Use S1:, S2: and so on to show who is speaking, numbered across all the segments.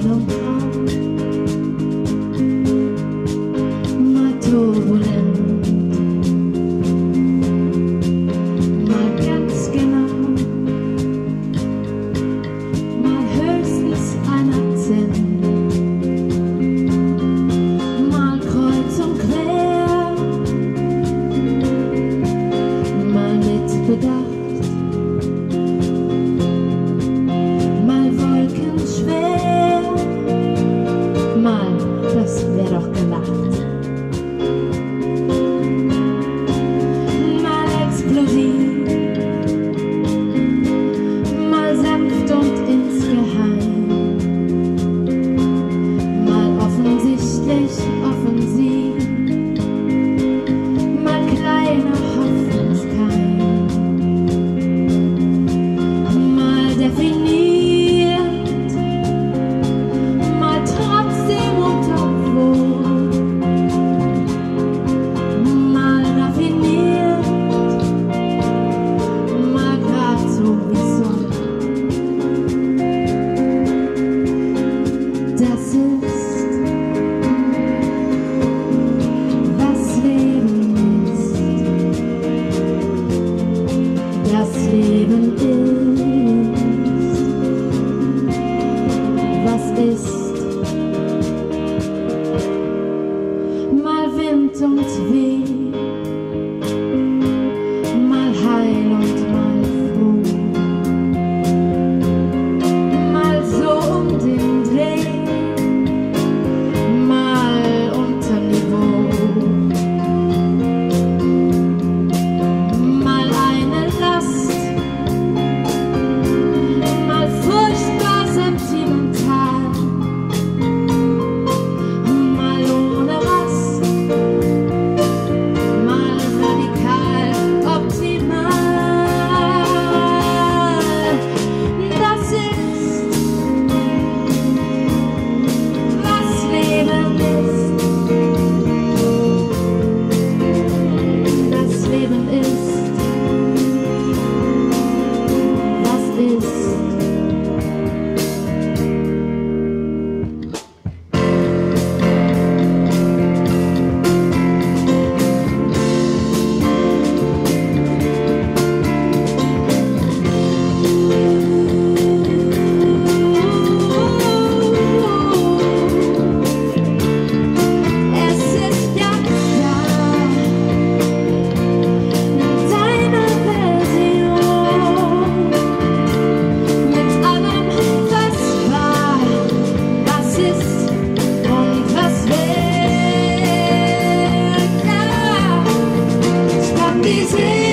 S1: still apart. My turbulent, my ganz genau, mal höchstens ein Akzent, mal kreuz und quer, mal mit Bedarf. doch gelacht.
S2: these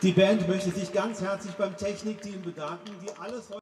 S2: Die Band möchte sich ganz herzlich beim Technikteam bedanken, die alles heute